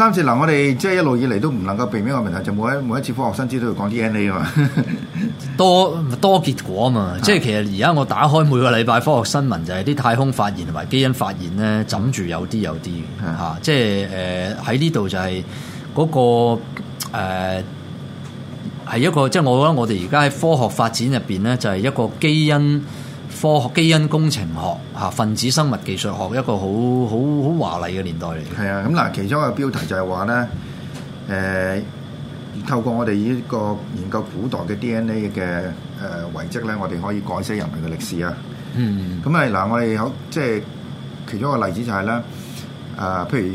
三次，嗱我哋即係一路以嚟都唔能夠避免個問題，就每每一次科學新知都要講啲 DNA 啊嘛， 多多結果嘛。啊、即係其實而家我打開每個禮拜科學新聞就係啲太空發現同埋基因發現咧，枕住有啲有啲嚇、啊啊。即係誒喺呢度就係嗰、那個誒係、呃、一個，即係我覺得我哋而家喺科學發展入邊咧，就係一個基因。科學、基因工程學、嚇分子生物技術學，一個好好好華麗嘅年代嚟嘅。係啊，咁嗱，其中一個標題就係話咧，誒、呃，透過我哋呢個研究古代嘅 DNA 嘅誒遺跡咧，我哋可以改寫人類嘅歷史啊。嗯，嗯，咁啊，嗱，我哋好，即係其中一個例子就係、是、咧，啊、呃，譬如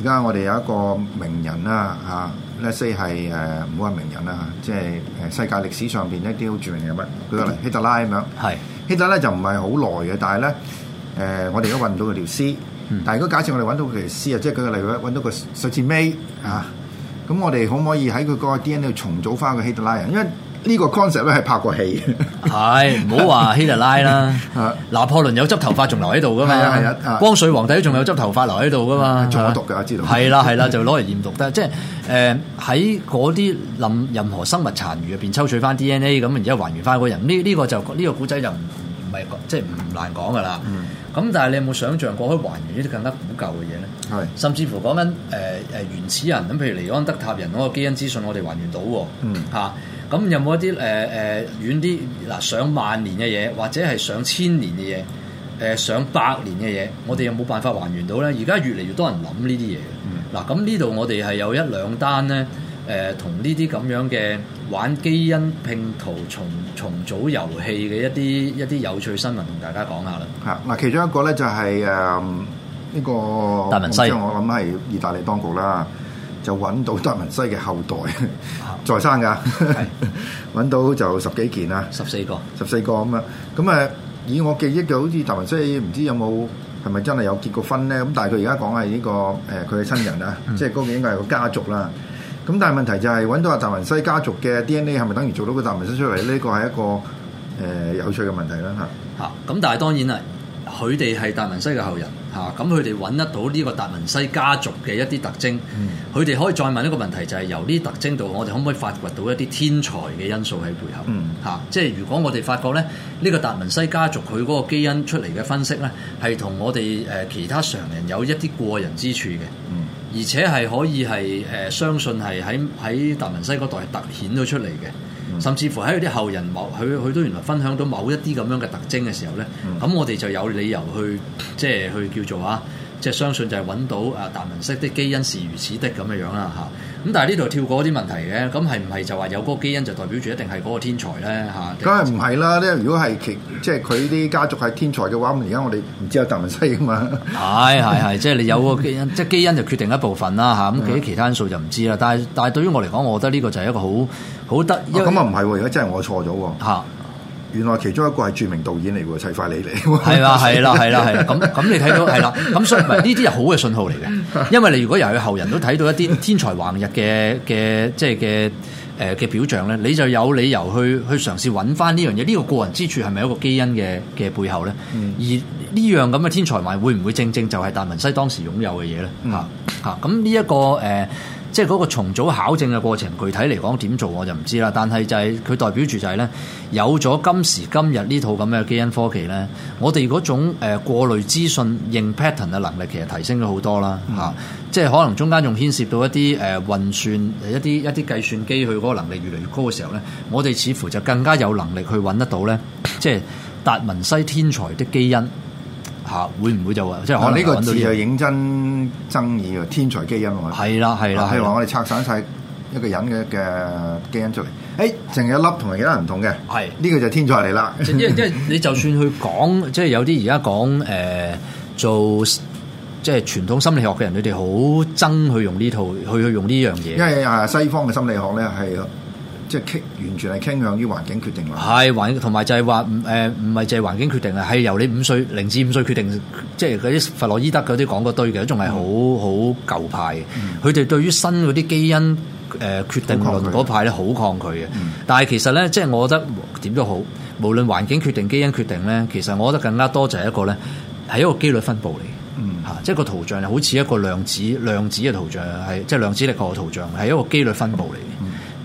而家我哋有一個名人啦，嚇、啊。Let's say 係唔好話名人啦嚇，即係誒世界歷史上邊一啲好著名嘅乜，舉個例，希特拉咁樣，係希特拉就唔係好耐嘅，但係咧誒我哋而家揾唔到佢條絲，嗯、但係如果假設我哋揾到佢條絲啊，即係舉個例話揾到個十字尾啊，咁我哋可唔可以喺佢個 DNA 重組翻個希特拉人？Line? 因為呢個 concept 咧係拍過戲，係唔好話希特拉啦，拿破崙有執頭髮仲留喺度噶嘛？係啊係啊，啊啊光緒皇帝都仲有執頭髮留喺度噶嘛？仲有毒嘅知道係啦係啦，就攞嚟驗毒得，即係誒喺嗰啲任任何生物殘餘入邊抽取翻 DNA 咁，而家還原翻個人呢呢、這個就呢、這個古仔就唔唔係即係唔難講噶啦。咁但係你有冇想象過去還原呢啲更加古舊嘅嘢咧？係是甚至乎講緊誒誒原始人咁，譬如尼安德塔人嗰個基因資訊，我哋還原到嗯吓、啊。咁有冇一啲誒誒遠啲嗱、呃、上萬年嘅嘢，或者係上千年嘅嘢，誒、呃、上百年嘅嘢，我哋有冇辦法還原到咧？而家越嚟越多人諗呢啲嘢。嗱、嗯，咁呢度我哋係有一兩單咧，誒、呃、同呢啲咁樣嘅玩基因拼圖重、重重組遊戲嘅一啲一啲有趣新聞，同大家講下啦。係嗱，其中一個咧就係誒呢個達文西，我諗係意大利當局啦。就揾到達文西嘅後代在生㗎，揾 山的 到就十幾件啦，十四個，十四個咁啦。咁誒，以我記憶就好似達文西唔知有冇係咪真係有結過婚咧？咁但係佢而家講係呢個誒佢嘅親人啊，嗯、即係嗰個應該係個家族啦。咁但係問題就係揾到阿達文西家族嘅 DNA 係咪等於做到個達文西出嚟？呢個係一個誒、呃、有趣嘅問題啦嚇。嚇、啊，咁但係當然係。佢哋係達文西嘅後人，嚇咁佢哋揾得到呢個達文西家族嘅一啲特徵，佢哋、嗯、可以再問一個問題，就係、是、由呢啲特徵度，我哋可唔可以發掘到一啲天才嘅因素喺背後？嚇、嗯啊，即係如果我哋發覺咧，呢、這個達文西家族佢嗰個基因出嚟嘅分析咧，係同我哋誒其他常人有一啲過人之處嘅，嗯、而且係可以係誒相信係喺喺達文西嗰代係突顯到出嚟嘅。甚至乎喺佢啲後人某，佢佢都原來分享到某一啲咁樣嘅特徵嘅時候咧，咁、嗯、我哋就有理由去即係去叫做啊，即係相信就係揾到啊達文西啲基因是如此的咁樣樣啦嚇。咁但係呢度跳過啲問題嘅，咁係唔係就話有嗰個基因就代表住一定係嗰個天才咧？吓，梗係唔係啦！咧如果係即係佢啲家族係天才嘅話，咁而家我哋唔知有達文西㗎嘛。係係係，即係、就是、你有個基因， 即係基因就決定一部分啦，吓咁其其他因素就唔知啦。但係但係對於我嚟講，我覺得呢個就係一個好好得意。咁啊唔係，而家真係我錯咗喎。原來其中一個係著名導演嚟喎，砌快你嚟。係啦、啊，係啦，係啦，係啦。咁咁你睇到係啦，咁所以唔係呢啲係好嘅信號嚟嘅。因為你如果由佢後人都睇到一啲天才橫溢嘅嘅即係嘅誒嘅表象咧，你就有理由去去嘗試揾翻呢樣嘢。呢、呢個過人之處係咪一個基因嘅嘅背後咧？而呢樣咁嘅天才橫溢會唔會正正就係達文西當時擁有嘅嘢咧？嚇嚇咁呢一個誒。呃即係嗰個重組考證嘅過程，具體嚟講點做我就唔知啦。但係就係、是、佢代表住就係、是、咧，有咗今時今日呢套咁嘅基因科技咧，我哋嗰種誒過濾資訊認 pattern 嘅能力其實提升咗好多啦。嚇、嗯啊，即係可能中間仲牽涉到一啲誒、呃、運算，一啲一啲計算機佢嗰個能力越嚟越高嘅時候咧，我哋似乎就更加有能力去揾得到咧，即係達文西天才的基因。吓，會唔會就話、啊、即係可能搵到啲？呢個字就認真爭議啊！天才基因啊！係啦係啦，譬如話我哋拆散晒一個人嘅嘅基因出嚟，誒、哎，淨一粒同埋其他人唔同嘅，係呢的個就係天才嚟啦！即係即係你就算去講， 即係有啲而家講誒做，即係傳統心理學嘅人，佢哋好憎去用呢套，去去用呢樣嘢，因為西方嘅心理學咧係。即係傾，完全係傾向於環境決定論。係環境，同埋就係話，誒唔係淨係環境決定啊！係由你五歲零至五歲決定，即係嗰啲弗洛伊德嗰啲講嗰堆嘅，仲係好好舊派佢哋、嗯、對於新嗰啲基因誒決定論嗰派咧，好抗拒嘅。嗯、但係其實咧，即、就、係、是、我覺得點都好，無論環境決定基因決定咧，其實我覺得更加多就係一個咧，係一個機率分布嚟嘅。即係、嗯啊就是、個圖像又好似一個量子，量子嘅圖像係即係量子力學嘅圖像，係一個機率分布嚟。嗯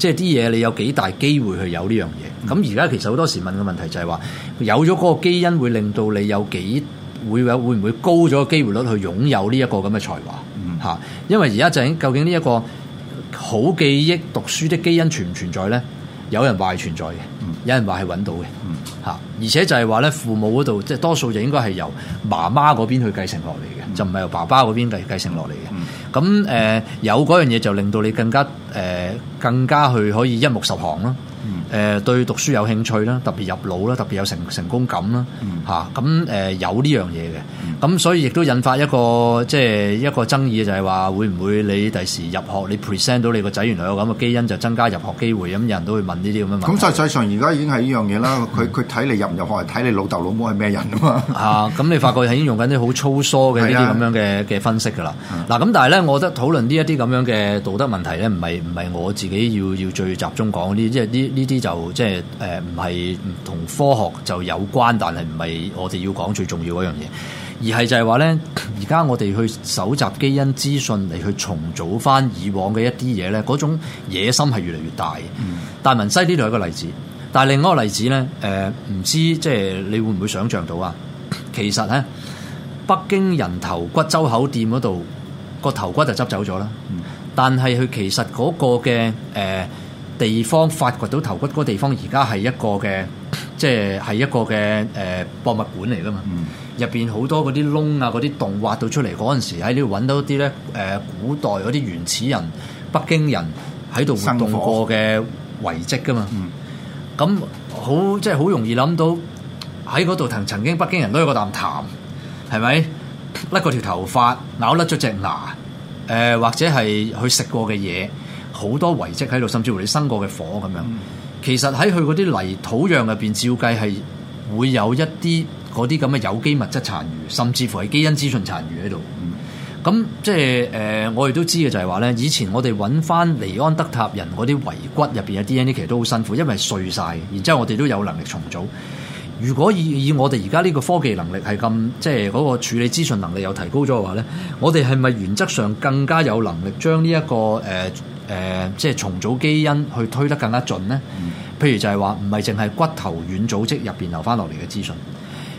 即係啲嘢，你有幾大機會去有呢樣嘢？咁而家其實好多時問嘅問題就係話，有咗嗰個基因會令到你有幾會有會唔會高咗機會率去擁有呢一個咁嘅才華？嚇、嗯，因為而家就究竟呢一個好記憶、讀書的基因存唔存在咧？有人話係存在嘅，嗯、有人話係揾到嘅。嚇、嗯，而且就係話咧，父母嗰度即係多數就應該係由媽媽嗰邊去繼承落嚟嘅，嗯、就唔係由爸爸嗰邊繼繼承落嚟嘅。咁誒、呃、有嗰樣嘢就令到你更加誒、呃、更加去可以一目十行咯。誒對讀書有興趣啦，特別入腦啦，特別有成成功感啦，嚇咁誒有呢樣嘢嘅，咁、嗯啊、所以亦都引發一個即係一個爭議就，就係話會唔會你第時入學你 present 到你個仔原來有咁嘅基因，就增加入學機會，咁、嗯、有人都會問呢啲咁嘅問題。咁、嗯、實際上而家已經係呢樣嘢啦，佢佢睇你入唔入學睇你老豆老母係咩人啊嘛。 啊，咁你發覺已經用緊啲好粗疏嘅呢啲咁樣嘅嘅分析噶啦。嗱、嗯，咁、嗯啊、但係咧，我覺得討論呢一啲咁樣嘅道德問題咧，唔係唔係我自己要要最集中講呢，即係呢呢啲。就即係誒，唔係同科學就有關，但係唔係我哋要講最重要嗰樣嘢，而係就係話咧，而家我哋去搜集基因資訊嚟去重組翻以往嘅一啲嘢咧，嗰種野心係越嚟越大。達、嗯、文西呢度係一個例子，但係另外一個例子咧，誒，唔知即係你會唔會想象到啊？其實咧，北京人頭骨周口店嗰度個頭骨就執走咗啦，但係佢其實嗰個嘅誒。呃地方發掘到頭骨嗰地方，而家係一個嘅，即係係一個嘅誒博物館嚟噶嘛。入邊好多嗰啲窿啊、嗰啲洞挖到出嚟嗰陣時，喺呢度揾到啲咧誒古代嗰啲原始人、北京人喺度活動過嘅遺跡噶嘛。咁好，嗯，即係好容易諗到喺嗰度曾曾經北京人都有個啖痰，係咪甩個條頭髮，咬甩咗隻牙，誒、呃、或者係去食過嘅嘢。好多遺跡喺度，甚至乎你生過嘅火咁樣。嗯、其實喺佢嗰啲泥土壤入邊，照計係會有一啲嗰啲咁嘅有機物質殘餘，甚至乎係基因資訊殘餘喺度。咁、嗯嗯、即係誒、呃，我哋都知嘅就係話咧，以前我哋揾翻尼安德塔人嗰啲遺骨入邊嘅 DNA，其實都好辛苦，因為碎晒。然之後我哋都有能力重組。如果以以我哋而家呢個科技能力係咁，即係嗰個處理資訊能力又提高咗嘅話咧，我哋係咪原則上更加有能力將呢、這、一個誒，呃誒、呃，即係重組基因去推得更加盡呢？嗯、譬如就係話，唔係淨係骨頭軟組織入邊留翻落嚟嘅資訊，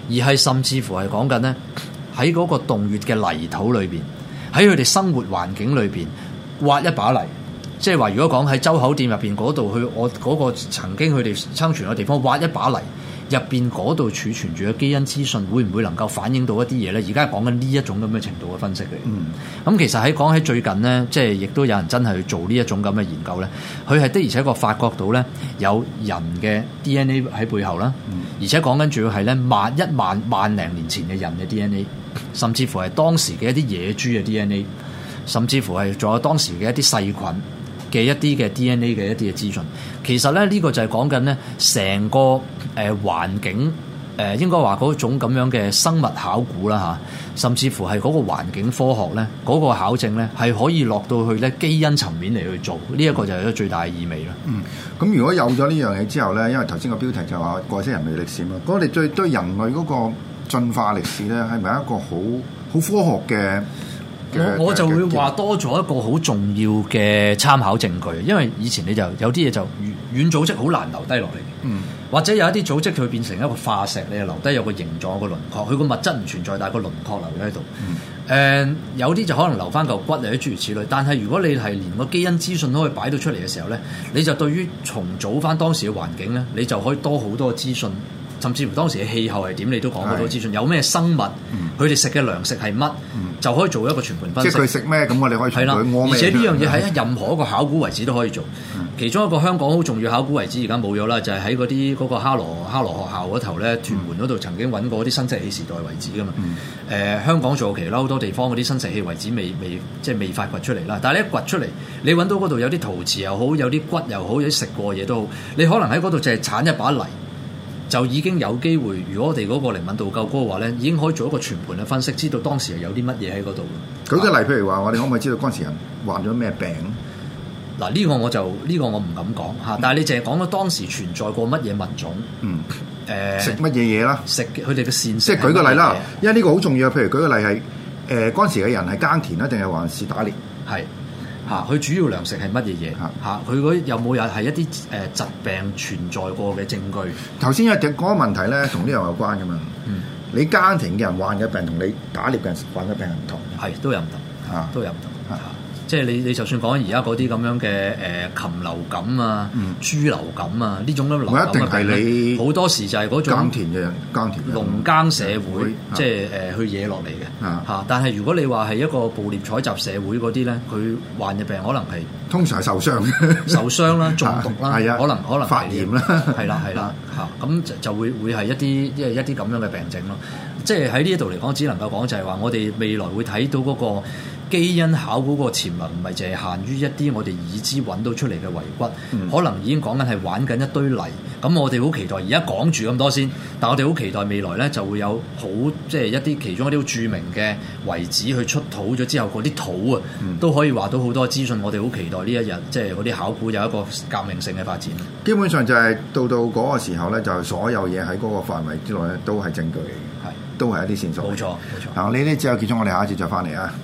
而係甚至乎係講緊呢，喺嗰個洞穴嘅泥土裏邊，喺佢哋生活環境裏邊挖一把泥。即係話，如果講喺周口店入邊嗰度去我，我、那、嗰個曾經佢哋生存嘅地方挖一把泥。入邊嗰度儲存住嘅基因資訊，會唔會能夠反映到一啲嘢咧？而家係講緊呢一種咁嘅程度嘅分析嘅。嗯，咁其實喺講起最近咧，即係亦都有人真係去做呢一種咁嘅研究咧。佢係的而且確發覺到咧，有人嘅 DNA 喺背後啦，嗯、而且講緊要係咧萬一萬一萬零年前嘅人嘅 DNA，甚至乎係當時嘅一啲野豬嘅 DNA，甚至乎係仲有當時嘅一啲細菌。嘅一啲嘅 DNA 嘅一啲嘅資訊，其實咧呢、這個就係講緊咧成個誒、呃、環境誒、呃、應該話嗰種咁樣嘅生物考古啦吓、啊，甚至乎係嗰個環境科學咧嗰、嗰個考證咧係可以落到去咧基因層面嚟去做，呢、這、一個就係最大嘅意味啦。嗯，咁如果有咗呢樣嘢之後咧，因為頭先個標題就話過些人類歷史嘛，咁我哋對對人類嗰個進化歷史咧係咪一個好好科學嘅？我我就會話多咗一個好重要嘅參考證據，因為以前你就有啲嘢就軟組織好難留低落嚟嘅，嗯、或者有一啲組織佢變成一個化石，你係留低有個形狀有個輪廓，佢個物質唔存在，但係個輪廓留咗喺度。誒、嗯呃，有啲就可能留翻嚿骨啊諸如此類。但係如果你係連個基因資訊都可以擺到出嚟嘅時候咧，你就對於重組翻當時嘅環境咧，你就可以多好多資訊。甚至乎當時嘅氣候係點，你都講好多資訊。的有咩生物，佢哋食嘅糧食係乜？嗯、就可以做一個全盤分析。即係佢食咩咁，我哋可以睇。佢而且呢樣嘢喺任何一個考古遺址都可以做。嗯、其中一個香港好重要考古遺址而家冇咗啦，就係喺嗰啲嗰個哈羅哈羅學校嗰頭咧屯門嗰度，曾經揾過啲新石器時代遺址噶嘛。誒、嗯呃，香港做過期，其實好多地方嗰啲新石器遺址未未，未即係未發掘出嚟啦。但係你一掘出嚟，你揾到嗰度有啲陶瓷又好，有啲骨又好，有啲食過嘢都好，你可能喺嗰度淨係鏟一把泥。就已經有機會，如果我哋嗰個靈敏度夠高嘅話咧，已經可以做一個全盤嘅分析，知道當時係有啲乜嘢喺嗰度。啊、舉個例，譬如話，我哋可唔可以知道嗰陣時人患咗咩病？嗱、啊，呢、呢個我就呢、呢個我唔敢講嚇、啊，但係你淨係講咗當時存在過乜嘢物種？嗯，誒、呃，食乜嘢嘢啦？食佢哋嘅膳食。即係舉個例啦，因為呢個好重要。譬如舉個例係誒，嗰陣、呃、時嘅人係耕田啦，定係還是打獵？係。嚇，佢主要糧食係乜嘢嘢？嚇是，佢有冇有係一啲誒疾病存在過嘅證據？頭先因為嗰個問題咧，同呢樣有關噶嘛？嗯，你家庭嘅人患嘅病同你打獵嘅人患嘅病係唔同嘅，係都有唔同，嚇是都有唔同，嚇是。即係你你就算講而家嗰啲咁樣嘅誒禽流感啊、豬流感啊呢種咁流感，你好多時就係嗰種耕田嘅耕田農耕社會，即係誒去惹落嚟嘅嚇。但係如果你話係一個捕獵採集社會嗰啲咧，佢患嘅病可能係通常係受傷、受傷啦、中毒啦，可能可能發炎啦，係啦係啦嚇，咁就就會會係一啲即係一啲咁樣嘅病症咯。即係喺呢一度嚟講，只能夠講就係話我哋未來會睇到嗰個。基因考古個潛能唔係淨係限於一啲我哋已知搵到出嚟嘅遺骨，嗯、可能已經講緊係玩緊一堆泥。咁我哋好期待。而家講住咁多先，但我哋好期待未來咧，就會有好即係、即係、一啲其中一啲著名嘅遺址去出土咗之後，嗰啲土啊，嗯、都可以話到好多資訊。我哋好期待呢一日，即係嗰啲考古有一個革命性嘅發展。基本上就係、係、到到嗰個時候咧，就所有嘢喺嗰個範圍之內都係證據嚟嘅，係的都係一啲線索。冇錯錯，冇錯錯。嗱，呢啲之後結束，我哋下一次再翻嚟啊！